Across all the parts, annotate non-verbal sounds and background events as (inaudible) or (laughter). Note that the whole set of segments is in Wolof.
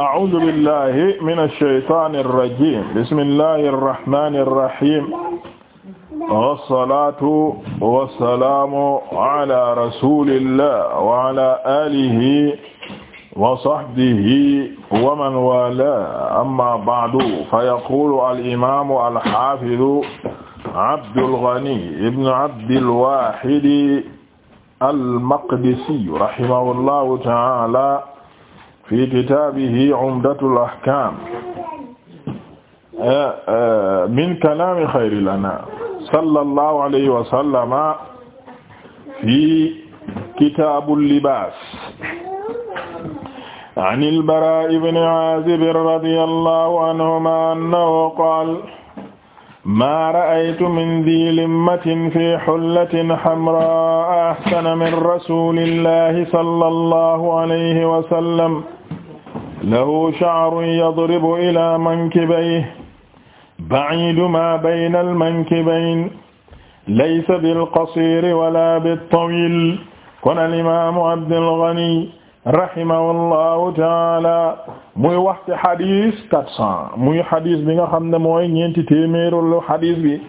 أعوذ بالله من الشيطان الرجيم بسم الله الرحمن الرحيم والصلاة والسلام على رسول الله وعلى آله وصحبه ومن والاه أما بعد فيقول الإمام الحافظ عبد الغني ابن عبد الواحد المقدسي رحمه الله تعالى fi kitaabihi umdatul ahkaam eh, eh, min kalaami xayril anaam sallallahu alayhi wa sallama fi kitaabul libaas an al-Baraa ibn Aazib radiyallahu anhumaa annahu qaala maa ra'aytu min dii limmatin fi xullatin xamraa ahsana min rasuulillahi sallallahu alayhi wa sallam lahu sha'run yadribu ila mankibayhi ba'idu ma bayna al-mankibayni laysa bil-qasiri wala bit-tawil kon al-imaamu Abdul Ghani rahimahullahu taala muy waxte xadis quatre cent muy xadis bi nga xam ne mooy ñeenti téeméerolu xadis bi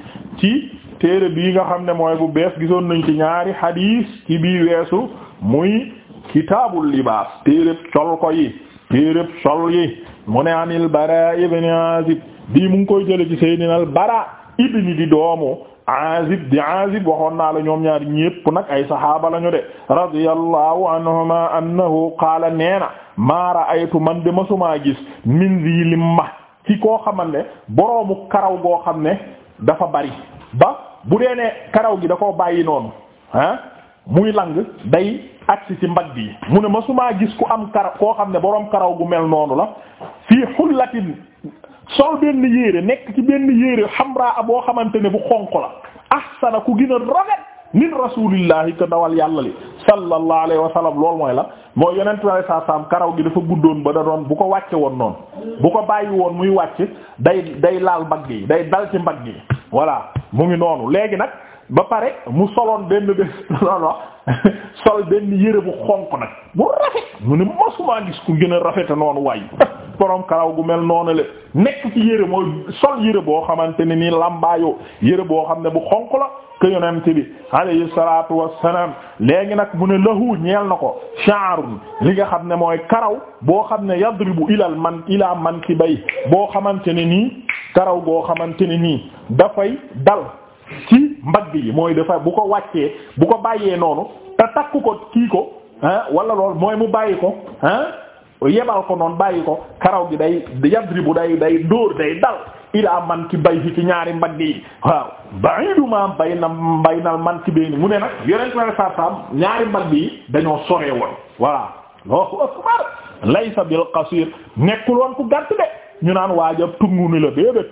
ci téere bii nga xam ne mooy bu bees gisoon nañ ci ñaari xadis ci bii weesu muy kitaabul libaas téere col ko téeréb sol yi mu ne anil bara ibn azib bii mu ngi koy jële ci seydina al bara ibni di doomu azib di azib waxoon naa la ñoom ñaar ñépp nag ay sahaaba lañu de radiyallahu anhuma annahu qaala neena maa ra'aytu man de masumaa gis min zi ci koo xaman ne boroomu karaw goo xam ne dafa bari ba bu dee ne karaw gi da koo bàyyi noonu ah muy lang day agsi ci mbag yi mu ne ma masumaa gis ku am karaw koo xam ne boroom karaw gu mel noonu la fii xullatin sol benn yére nekk ci benn yére xamraa boo xamante ne bu xonq la ahsana ku gën a rafet min rasulillahi ko dawal yàlla li sallallahu alayhi wa sallam loolu mooy la mooy yeneen bi saa saam karaw gi dafa guddoon ba da doon bu ko wàcce woon noonu bu ko bàyyi woon muy wàcc day day laal mbagg yi day dal ci mbag yi voilà mu ngi noonu léegi nag ba pare mu soloon benn bés (laughs) sol benn yére bu xonq nag bu rafet mu ne masumaa gis ku gën a rafete noonu waay (laughs) borom karaw gu mel noonu la nekk ci yére mooy sol yére boo xamante ne nii lambaayoo yére boo xam ne bu xonq la ke yonent bi alayhi salaatu wassalaam léegi nag mu ne lahu ñeel na ko sha'run li nga xam ne mooy karaw boo xam ne bu ilal man ilaa man ki bay boo xamante ne nii karaw goo xamante ne nii dafay dal ci mbagg yi mooy dafa bu ko wàccee bu ko bàyyee noonu te takk ko kii ko ah wala lool mooy mu bàyyi ko ah yebal ko noonu bàyyi ko karaw gi day yadribu day day dóor day dal ilaa man ki bay fi ci ñaari mbagg yi waaw ba'idu na mbay na man ki bayni mu ne nag yonent na sa sam ñaari mbagg yi dañoo soree woon voilà Allahu akbar laysa bil qasir nekkul woon ku gàtt de ñu naan waajab tungu ni la déedéet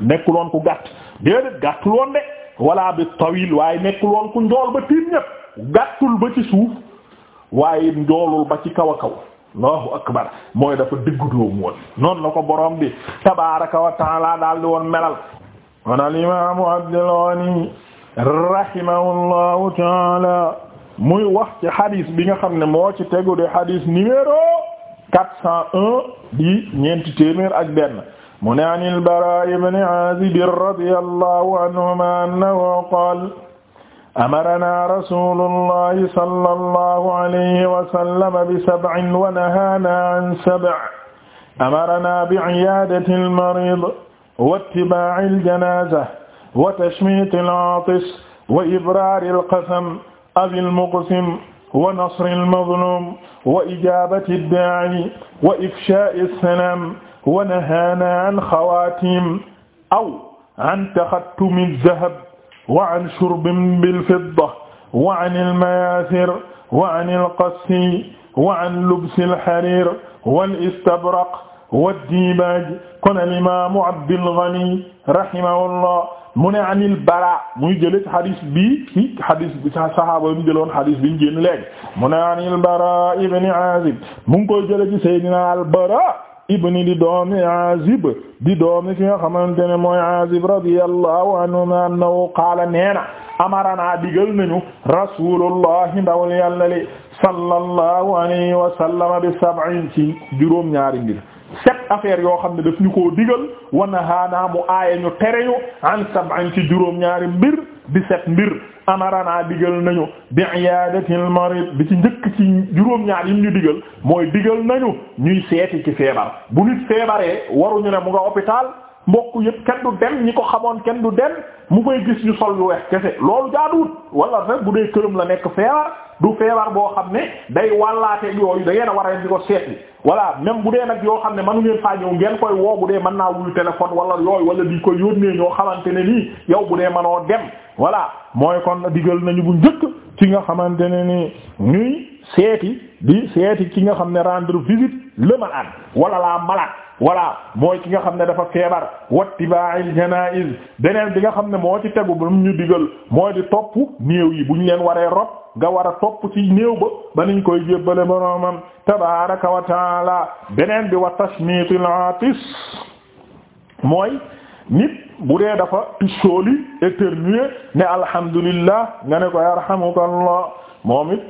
nekkul woon ku gàtt déedéet gàttul woon de walla bi tawil waaye nekkul woon ku njool ba tiim ñépp gàttul ba ci suuf waaye njoolul ba ci kaw a kaw allahu akbar mooy dafa dëggu woon noonu la ko borom bi tabaaraka wa taala daal di woon melal wan al imaamu Abdul Ghani rahimahullahu taala muy wax ci hadis bi nga xam ne moo ci tegu de hadis numéro quatre cent un di ñeenti téeméer ak benn mu ne an al-Baraa ibn Aazib radiyallahu anhumaa annahu qaala amaranaa rasuulullahi sallallahu alayhi wa sallam bi sab'in wa nahaanaa an sab'in amaranaa bi'iyaadati al-mariid wa ittibaa'i al-janaaza wa tashmiiti al-aatis wa ibraari al-qasam abii al-muqsim wa nasri al-mazluum wa ijaabati ad-daa'i wa ifshaa'i as-salaam wa nahaana an xawaatim aw an taxattumi dahab wa an shurbin bilfidda wa an almayaasir wa an alqassi wa an lubsi alxariir wal istabraq waddiibaaj kon alimaamu Abdul Ghani rahimahullah mu ne anil bara muy jële ci xadis bi ci xadis bi sahaaba bi mu jëloon xadis bi ñu génn léegi mu ne anil bara ibn Aazib mu ngi koy jële ci Seydina al Bara ibni di doomi azib di doomi ki nga xamante ne mooy azib radiyallahu anhuma annahu qaala neena amarana digal nañu rasulullahi ndawal yàlla li sallallahu alayhi wa sallam bi sab'in ci juróom ñaari mbir sept affaires yoo xam ne daf ñu koo digal wana haanaa mu aaya ñu tere ñu an sab'in ci ñaari mbir di sept mbir amarana digal nañu bi iyadatil marid bi ci njëkk ci juróom-ñaar yim ñu digal mooy digal nañu ñuy seeti ci feebar bu nit feebaree waruñu ne mu nga hôpital mbokk yëpp kenn du dem ñi ko xamoon kenn du dem mu fay gis ñu sol yu weex kese loolu jaaduwut wala sax bu dee këram la nekk feebar du feebar boo xam ne day wàllaate yooyu da ngeen a war a di ko seetli voilà même bu dee nag yoo xam ne manu ngeen faa ñëw ngeen koy woo bu dee mën naa wuyu téléphone wala yooyu wala di ko yónnee ñoo xamante ne nii yow bu dee manoo dem voilà mooy kon digal nañu bu njëkk ci nga xamante ne ni ñuy seeti di seeti ci nga xam ne rendre visite le malade wala la malade voilà mooy ki nga xam ne dafa feebar wattiba'il janaiz beneen bi nga xam ne moo ci tegu ba mu ñu digal mooy di topp néew yi bu ñu leen waree rob nga war a topp ci néew ba ba niñ koy jébbale boroomam man wa taala beneen bi wa tashmiitil aatis mooy nit bu dee dafa tissooli éternuer ne alhamdulillah nga ne ko yarhamukallah moom it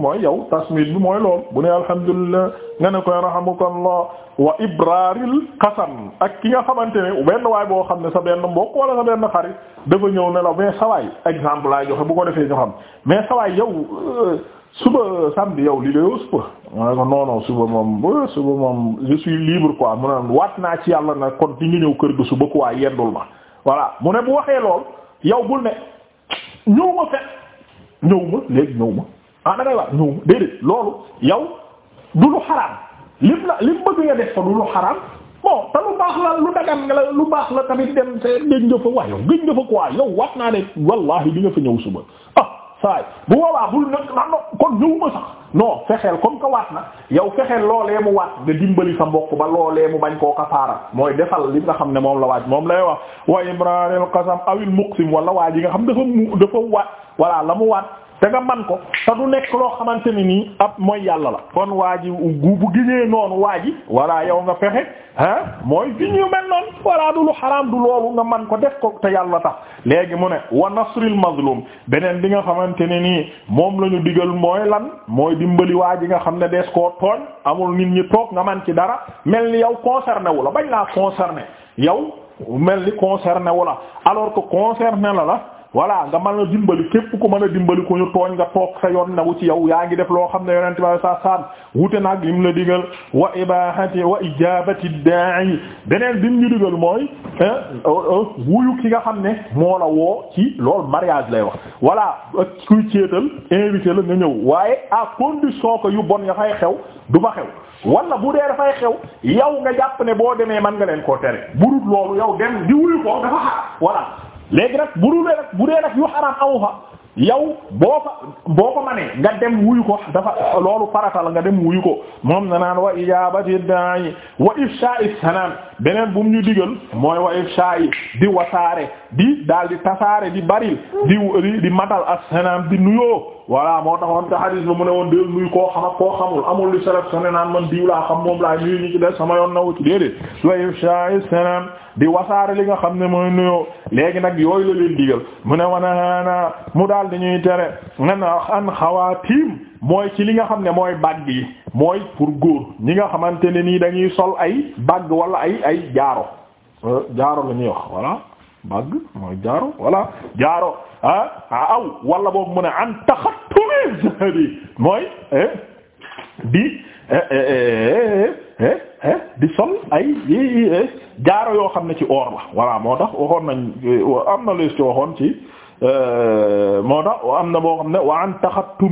mooy yow tasmit bi mooy lool bu ne alhamdulillah nga ne koy rahamukallah wa ibraril qasam ak ki nga xamante ne benn waay boo xam ne sa benn mbokk wala sa benn xarit dafa ñëw ne la mais sawaay exemple laay joxe bu ko defee ñu xam mais sawaay yow euh, suba samedi yow li layoo suba ma ne ko non non suba moom ba suba moom je suis libre quoi mu waat naa ci yàlla na kon di nga ñëw kër ga suba quoi yendul ma voilà mu ne bu waxee lool yow bul ne ñëw ma fet ñëw ma léegi ah da ngay ñëw déedéet loolu yow du lu xaraam lim la lim bëgg nga def ko du lu xaraam bon te lu baax la lu dagan nga la lu baax la tamit dem see géej nga fa waa yow géej nga fa quoi yow wax naa ne wallahi di nga fa ñëw suba ah saay bu boobaa bul ne ko kon ñëwuma sax non fexeel comme que waat na yow fexeel loolee mu waat da dimbali sa mbokk ba loolee mu bañ koo kafaara mooy defal li nga xam ne moom la waaj moom lay wax wa imranil qasam awil muqsim yi nga xam dafa mu dafa waat wala la mu te nga man ko te du nekk loo xamante ni nii ab mooy yàlla la kon waa ji gu bu gisee noonu waa ji voilà yow nga fexe ah mooy fi ñu mel noonu voilà du lu xaraam du loolu nga man ko def ko te yàlla tax léegi mu ne wa nasril mazlum beneen bi nga xamante ne nii moom la ñu digal mooy lan mooy dimbali waa ji nga xam ne dees koo tooñ amul nit ñi toog nga man ci dara mel ni yow concerné wu la bañ laa concerné yow mel ni concerné wu la alors que concerné la la voilà nga mën a dimbali képp ku mën a dimbali ku ñu tooñ nga toog sa yoon na ci yow yaa ngi def loo xam ne yonent bi sallallahu alayhi wasallam wute nag lim la digal wa ibahati wa ijabati da'i beneen bim ñu digal mooy euh, euh, wuyu ki nga xam ne moo la woo ci loolu mariage lay wax voilà ak kuy céetal invité la nga ñëw waaye à condition que yu bon nga fay xew du fa xew wala bu dee dafay xew yow nga jàpp ne boo demee mën nga leen koo tere bu loolu yow dem di wuyu léegi nag bu dul nag bu yu xaraam amu fa yow boo fa boo ko manee nga dem wuyu ko dafa loolu farata nga dem wuyu ko moom na naan wa ijabati da'i wa ifsha'i salam beneen bu mu ñu mooy wa ifsha'i di wasaare di daal di tasaare di baril di di matal as-salam di nuyoo voilà moo tax te hadis ba mu ne woon déel nuyu koo xam ak koo xamul amul li salaf sane naan man diw xam moom laa nuyu ñu ci des sama yoon nawu ci déedéet wa ifsha'i salam di wasaare li nga xam ne mooy nuyoo léegi nag yooyu la leen digal mu ne mu daal di ñuy tere ngan an xawaatim mooy ci li nga xam ne mooy bagg yi mooy pour góor ñi nga xamante ne nii dañuy sol ay bagg wala ay ay jaaro euh, jaaro la ñuy wax voilà bagg mooy jaaro ah, aw wala boobu mu ne an taxat di mooy eh, di eh, eh, di sol ay jaaro yoo xam ne ci or la voilà moo tax waxoon nañ am na lees ci waxoon ci moo tax am na boo xam ne wa an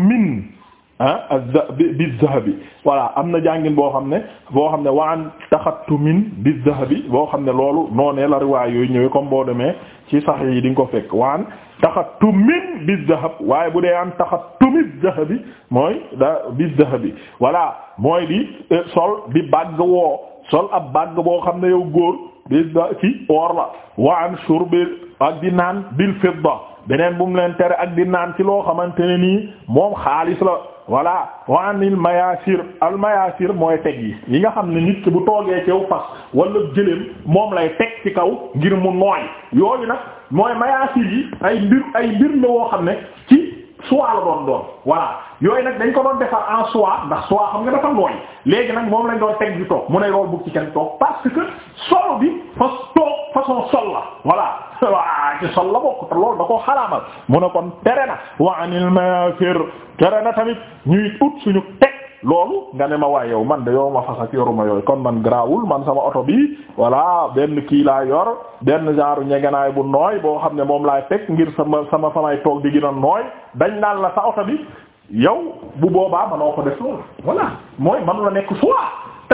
min ah bizahabi voilà am na jàngin boo xam ne boo xam ne waan taxattumin bizahabi boo xam ne loolu noonee la riwaay yooyu ñëwee comme boo demee ci sax yi di nga ko fekk waan taxattumin bizahab waaye bu dee an taxattumi zahabi mooy da bizahabi wala mooy di e, sol di bàgg woo sol ab bàgg boo xam ne yow góor bi ci or la waan shurbi ak di naan bil fidda beneen bu mu leen tere ak di naan ci loo xamante ne nii moom xaalis la voilà wa anil mayasir al mayasir mooy teg yi yi nga xam ne nit ki bu toogee ci fas wala jëleem moom lay teg ci kaw ngir mu nooy yooyu nag mooy mayasir yi ay mbir ay mbir la woo xam ne ci soie la doon doon voilà yooyu nag dañ ko doon defar en soie ndax soie xam nga dafa nooy léegi nag moom lañ doon teg di toog mu ne loolu bu ci kenn toog parce que solo bi fas toog façon sol la voilà waa (laughs) ah, ci sol la bokk te loolu da ko xaraamal mu ne kon na wa anil maafir tere na tamit ñuy ut suñu teg ma waaye kon man grawul man sama oto bi voilà benn kii laa yor benn genre ñegenaay bu nooy boo xam ne moom laay teg ngir sama sama samay toog di gën a la sa bi yow bu boobaa manoo ko la nekk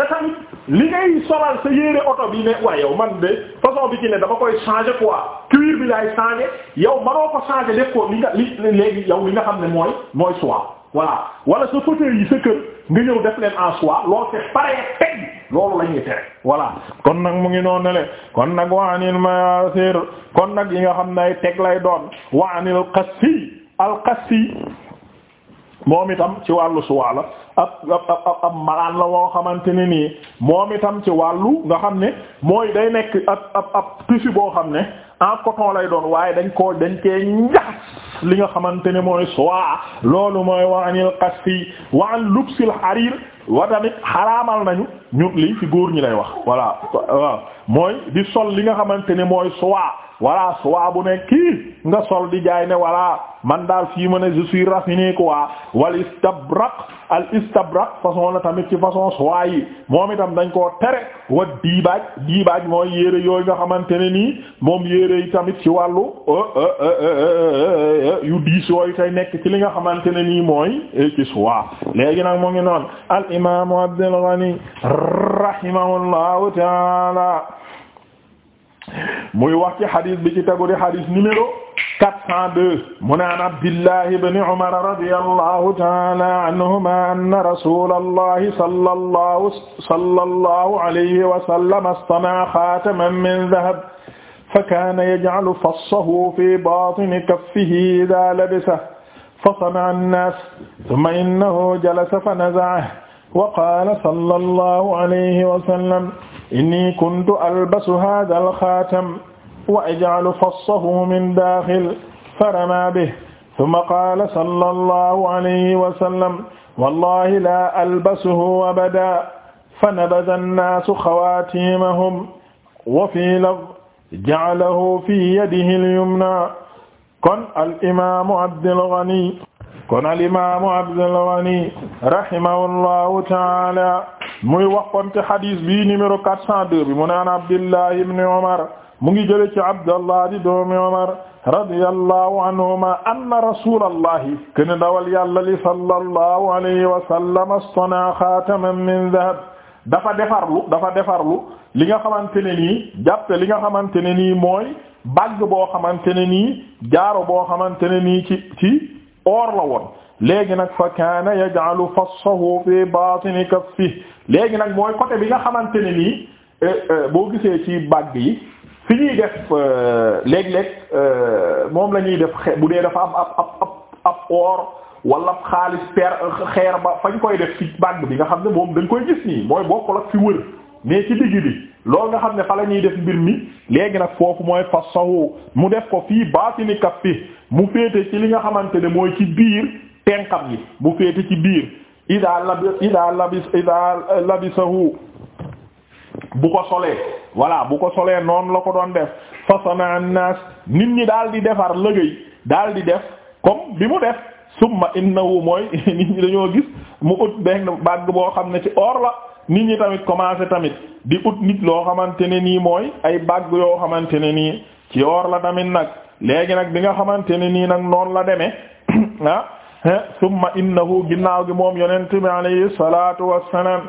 tamit li ngay solal sa yére oto ne waaye yow man de façon bi ci ne dama koy changer quoi cuir yow manoo ko changer léegi yow li nga xam ne mooy mooy soie voilà wala sa def leen en soie loolu c'est pareil tere voilà kon nag mu ngi noonu le kon nag waanil maasir kon nag yi nga xam ne ay teg lay doon waanil qassi al qassi moom itam ci wàllu soie la ab ab ab malaan la woo xamante ne nii moom itam ci wàllu nga xam ne mooy day nekk ab ab ab tissu boo xam ne en coton lay doon waaye dañ koo dañ kee ñax li nga xamante ne mooy soie loolu mooy wa anil qasfi wa an lubsil harir wa xaraamal nañu ñu li ci góor ñi lay wax voilà waaw mooy di sol li nga xamante ne mooy soie voilà soie bu nekk kii nga sol di jaay ne voilà man daal fii ma ne je suis raffiné quoi wal istabraq al istabrak façon la tamit ci façon soie yi moom itam dañ koo tere wa diibaaj diibaaj mooy yére yooy nga xamante ne nii moom yére yi tamit ci wàllu euh, euh, euh, yu diis yooyu tey nekk ci li nga xamante ne nii mooy ci soie léegi nag moo ngi noon al imaamu Abdul Ghani rahimahullahu taala muy wax ci xadiis bi ci tegu di xadiis numéro 402 mu ne an Abdillahi ibn Umar radiyallahu ta'ala anhuma anna rasulallahi sallallahu sallallahu alayhi wa sallam istama'a khataman min dhahab فكان يجعل فصه في باطن كفه إذا لبسه فصنع الناس ثم إنه جلس فنزعه وقال صلى الله عليه وسلم إني كنت ألبس هذا الخاتم wa aj'alu fassahu min daaxil faramaa bihi thumma qaala sallallahu alayhi wa sallam wallahi laa albasuhu abadan fanabada annaasu xawaatimahum wa fii lafz ja'alahu fii yadihi al-yumnaa kon al-imaamu Abdul Ghani kon al-imaamu Abdul Ghani rahimahullahu ta'aala muy wax kon ci hadis bi numéro 402 bi mu naan Abdullah ibn Umar mu ngi jële ci Abdallah di doomi Umar radiyallahu anhuma anna rasulallahi kene dawal yàlla li sallallahu alayhi wa sallam istana xaataman min dahab dafa defarlu dafa defarlu li nga xamante ne nii jàppe li nga xamante ne nii mooy bagg boo xamante ne nii jaaro boo xamante ne nii ci ci or la woon léegi nag fa kaana yaj'alu fassahu fi baatini kaffihi léegi nag mooy côté bi nga xamante ne nii eh, eh, boo gisee ci bagg yi fi ñuy def euh, léeg-léeg euh, moom la ñuy def bu dee dafa am ab ab ab ab wala xaalis per xeer ba fañ koy def ci bàgg bi nga xam ne moom dañ koy gis nii mooy bokkul ak fi wër mais ci digg bi loolu nga xam ne fa la ñuy def mbir mi léegi nag foofu mooy fas sawu mu def ko fii baatini kaf fi mu féete ci li nga xamante ne mooy ci biir tenkam yi mu féete ci biir ida labi ida labis ida labisahu bu ko solee voilà bu ko solee noonu la ko doon def fa naa an nit ñi daal di defar lëgëy daal di def comme bi mu def summa innahu mooy (laughs) nit ñi dañoo gis mu ut benn bàgg boo xam ne ci or la nit ñi tamit commencé tamit di ut nit loo xamante ne nii mooy ay bàgg yoo xamante ne nii ci or la tamit nag léegi nag bi nga xamante ne nii nag noonu la demee (clears throat) ah summa innahu ginnaaw gi moom yonent bi alayhi salatu wassalam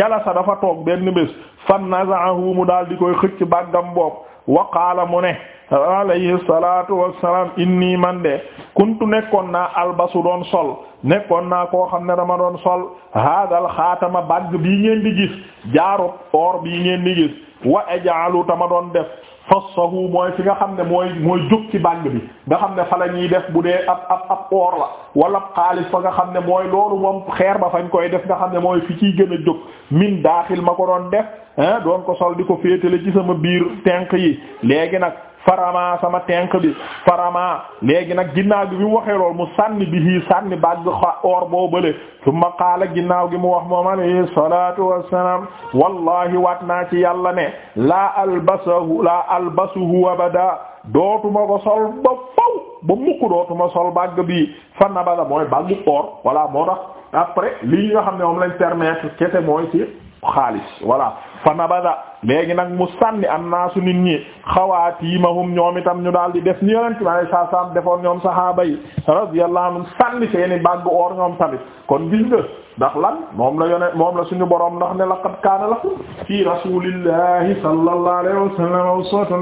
jalasa dafa toog benn bés fan nazaahu mu daal di koy xëcc bàggam bopp wa qaala mu ne alayhi salatu wassalam inni man de kuntu nekkoon naa albasu doon sol nekkoon naa ko xam ne dama doon sol xaata ma bagg bii ngeen di gis jaarut or bii ngeen di gis wa ajaalu tama doon def fassahu mooy fi nga xam ne mooy mooy jóg ci bàng bi nga xam ne fa la ñuy def bu dee ab ab ab oor la walla ab xaalis fa nga xam ne mooy loolu moom xeer ba fañ koy def nga xam ne mooy fi ciy gën a jóg min daaxil ma ko doon def hein doon ko sol di ko féetale ci sama biir tenk yi léegi nag farama sama tenk bi farama léegi nag ginnaaw gi bi mu waxee lool mu sànni bi hii sànni bàgg or boo bële summa qaala ginnaaw gi mu wax moom alayhi salatu wassalam wallahi waat naa ci yàlla ne laa albasahu laa albasuhu abada dootuma ko sol ba faw ba mukk dootuma sol bagg bi fa nabada mooy baggu or wala moo tax après lii nga xam ne moom lañ permettre kese mooy ci xaalis voilà fa nabada léegi nag mu sànni annaasu nit ñi xawaatimahum ñoom itam ñu daal di def ni yonent bi alayhi salaam defoon ñoom sahaaba yi radiyallahu anhum sànni seeni bagg or ñoom tamit kon gis ndax lan moom la yonent suñu boroom ndax ne laqad kaana lakum fi rasulillahi sallallahu alayhi wa sallam uswatun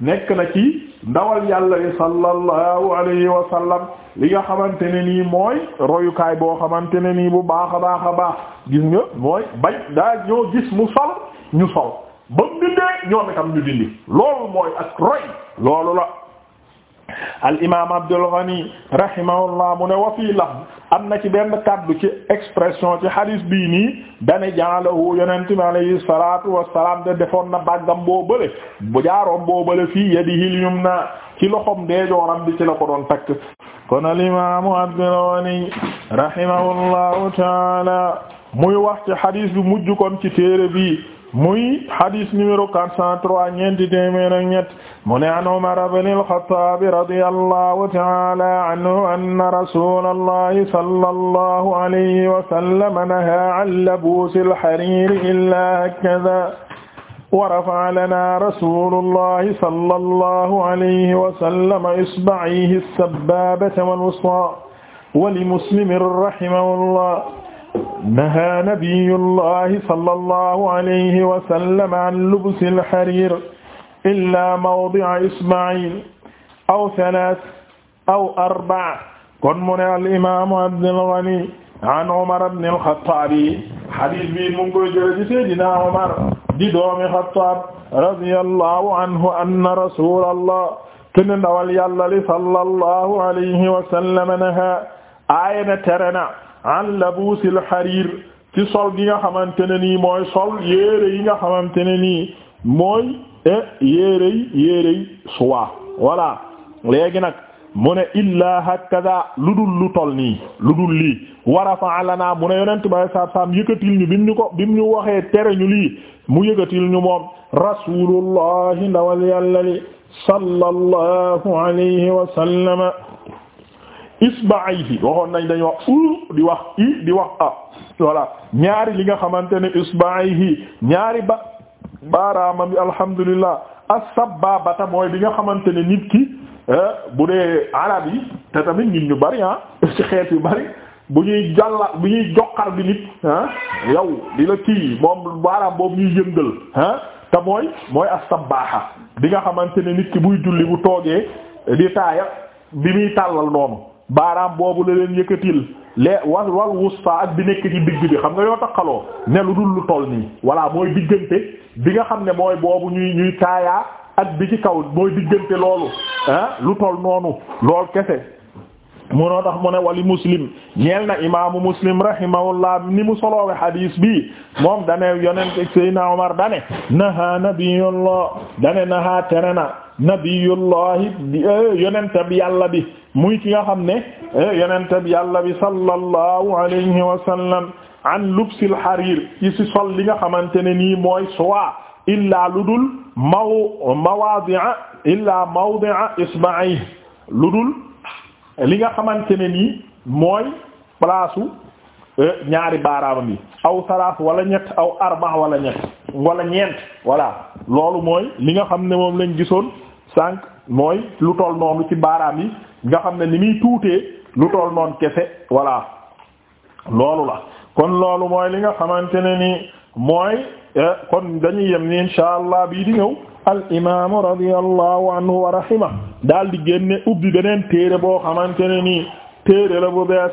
nekk na ci ndawal yàlla li sallallahu alayhi wa sallam li nga xamante ni nii mooy royukaay boo xamante ne nii bu baax a baax a baax gis nga mooy bañ daa ñoo gis mu sol ñu sol ba mu dindee ñoom itam ñu dindi loolu mooy ak roy loolu la al imaam Abdul Ghani rahimahullah mu ne wa fii lafz am na ci benn kaddu ci expression ci hadis bi nii dane jaalahu yonent bi alayhi salaatu wassalaam de defoon na bàggam boo bële bu jaaroom boo bële fii yadihil yumna ci loxom deejooram bi ci la ko doon takk kon al Abdul Ghani rahimahullahu taala muy wax ci hadis bi mujj kon ci téere bi muy hadis numéro 403 ñeenti téeméer ak ñett mu ne an Umar ibn al-Khattab radiyallahu ta'ala anhu anna rasulallahi sallallahu alayhi wa sallam naha an labusi al-harir illa hakadha wa rafa'a lana rasulullahi sallallahu alayhi wa sallam isba'ihi as-sabbabata wal-wusta wa li Muslimin rahimahullah nahaa nabiyullahi sallallahu alayhi wa sallam an lubsil hariir illaa mawdi'a isba'iin aw salaas aw arba'a kon mu ne al imaamu Abdul Ghani an Umar ibn al-Khattaab hadiis bi mu ngi koy jëlee ci Seydina Umar di doomi Xattaab radiyallahu anhu anna rasuulallah kenn ndawal yàlla li sallallahu alayhi wa sallam nahaa aayana terena an labuusil xariir ci sol gi nga xamante ne nii mooy sol yére yi nga xamante ne nii mooy eh, yére yi yére yi suwa voilà léegi nag mu ne illaa hakada lu dul lu tol nii lu dul lii war a fa lanaa mu ne yonent bay saab saam yëkkatil ñu bim ñu ko bim waxee tere ñu lii mu yëkkatil ñu moom rasulullahi ndawal yàlla li sallallahu alayhi wa isbaayhi waxoon nañ dañu wax u di wax i di wax a ñaari li nga xamante ne isbaayhi ñaari ba baaraamam bi alhamdulillah as-sababata mooy bi nga xamante ne nit ki eh, bu dee arab yi te tamit nit ñu bari ah (laughs) ci xeet yu bari bu ñuy jàlla bu ñuy joxar bi nit ah yow di la kii moom baaraam boobu ñuy yëngal ah te mooy mooy bi nga xamante ne nit ki buy julli bu toogee di taaya bi muy tàllal noonu baaraam boobu la leen yëkkatil le wal wal wusta ak bi nekk ci digg bi xam nga yoo takkaloo ne lu dul lu toll nii voilà mooy diggante bi nga xam ne mooy boobu ñuy ñuy taayaa ak bi ci kaw mooy diggante loolu ah lu toll noonu lool kese munoo tax mu ne wali muslim ñeel na imaamu muslim rahimahullah ni mu soloowe hadis bi moom dane yonent Seydina Omar dane naha nabiyullah dane naha tere na nabiyullahi eh, yonentab yàlla bi muy ki nga xam ne eh, yonentab yàlla bi sallallahu alayhi wa sallam an lubsil harir ci si sol li nga xamante ne nii mooy sowa illaa lu dul illa mawadi'a illaa mawdi'a isba'i lu dul nga xamante ne nii mooy place Euh, ñaari baaraamam yi aw salaas wala ñett aw arba wala ñett walla ñeent voilà loolu mooy li nga xam ne moom lañ gisoon sànq mooy lu toll noonu ci baaraam yi nga xam ne ni muy tuutee lu toll noonu kese voilà loolu la kon loolu mooy li nga xamante ne ni mooy euh, kon dañuy yem ni insha allah bii di ñëw al imaamu radiyallahu anhu wa rahima daal di génne ubbi beneen téere boo xamante ne nii téere la bu bees